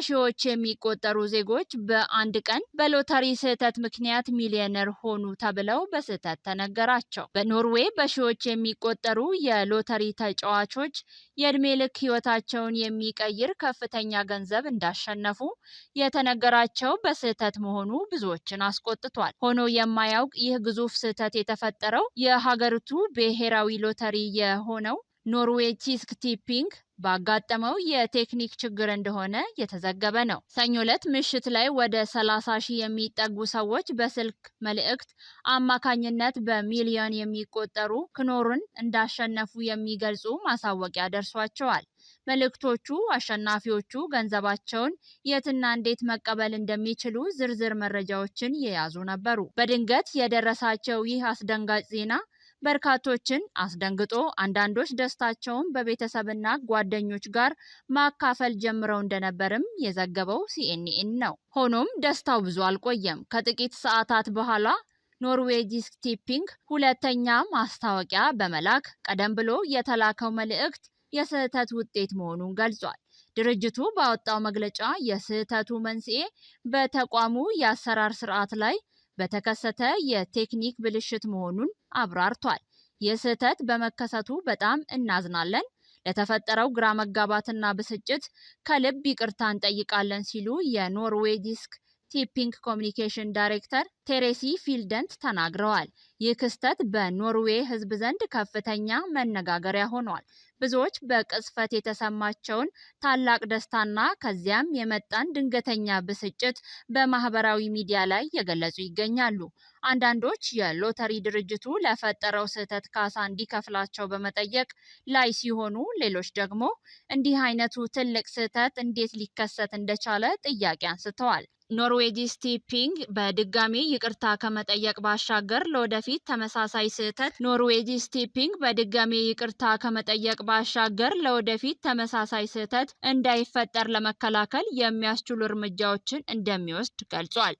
በሺዎች የሚቆጠሩ ዜጎች በአንድ ቀን በሎተሪ ስህተት ምክንያት ሚሊዮነር ሆኑ ተብለው በስህተት ተነገራቸው። በኖርዌይ በሺዎች የሚቆጠሩ የሎተሪ ተጫዋቾች የእድሜ ልክ ህይወታቸውን የሚቀይር ከፍተኛ ገንዘብ እንዳሸነፉ የተነገራቸው በስህተት መሆኑ ብዙዎችን አስቆጥቷል። ሆኖ የማያውቅ ይህ ግዙፍ ስህተት የተፈጠረው የሀገሪቱ ብሔራዊ ሎተሪ የሆነው ኖርዌይ ቺስክ ቲፒንግ ባጋጠመው የቴክኒክ ችግር እንደሆነ የተዘገበ ነው። ሰኞ ዕለት ምሽት ላይ ወደ 30 ሺህ የሚጠጉ ሰዎች በስልክ መልእክት አማካኝነት በሚሊዮን የሚቆጠሩ ክኖርን እንዳሸነፉ የሚገልጹ ማሳወቂያ ደርሷቸዋል። መልእክቶቹ አሸናፊዎቹ ገንዘባቸውን የትና እንዴት መቀበል እንደሚችሉ ዝርዝር መረጃዎችን የያዙ ነበሩ። በድንገት የደረሳቸው ይህ አስደንጋጭ ዜና በርካቶችን አስደንግጦ አንዳንዶች ደስታቸውን በቤተሰብና ጓደኞች ጋር ማካፈል ጀምረው እንደነበርም የዘገበው ሲኤንኤን ነው። ሆኖም ደስታው ብዙ አልቆየም። ከጥቂት ሰዓታት በኋላ ኖርዌጂስ ቲፒንግ ሁለተኛ ማስታወቂያ በመላክ ቀደም ብሎ የተላከው መልእክት የስህተት ውጤት መሆኑን ገልጿል። ድርጅቱ ባወጣው መግለጫ የስህተቱ መንስኤ በተቋሙ የአሰራር ስርዓት ላይ በተከሰተ የቴክኒክ ብልሽት መሆኑን አብራርቷል። ይህ ስህተት በመከሰቱ በጣም እናዝናለን፣ ለተፈጠረው ግራ መጋባትና ብስጭት ከልብ ይቅርታ እንጠይቃለን ሲሉ የኖርዌይ ዲስክ ቲፒንግ ኮሚኒኬሽን ዳይሬክተር ቴሬሲ ፊልደንት ተናግረዋል። ይህ ክስተት በኖርዌይ ሕዝብ ዘንድ ከፍተኛ መነጋገሪያ ሆኗል። ብዙዎች በቅጽበት የተሰማቸውን ታላቅ ደስታና ከዚያም የመጣን ድንገተኛ ብስጭት በማህበራዊ ሚዲያ ላይ እየገለጹ ይገኛሉ። አንዳንዶች የሎተሪ ድርጅቱ ለፈጠረው ስህተት ካሳ እንዲከፍላቸው በመጠየቅ ላይ ሲሆኑ፣ ሌሎች ደግሞ እንዲህ አይነቱ ትልቅ ስህተት እንዴት ሊከሰት እንደቻለ ጥያቄ አንስተዋል። ኖርዌጂ ስቲፒንግ በድጋሚ ይቅርታ ከመጠየቅ ባሻገር ለወደፊት ተመሳሳይ ስህተት ኖርዌጂ ስቲፒንግ በድጋሚ ይቅርታ ከመጠየቅ ባሻገር ለወደፊት ተመሳሳይ ስህተት እንዳይፈጠር ለመከላከል የሚያስችሉ እርምጃዎችን እንደሚወስድ ገልጿል።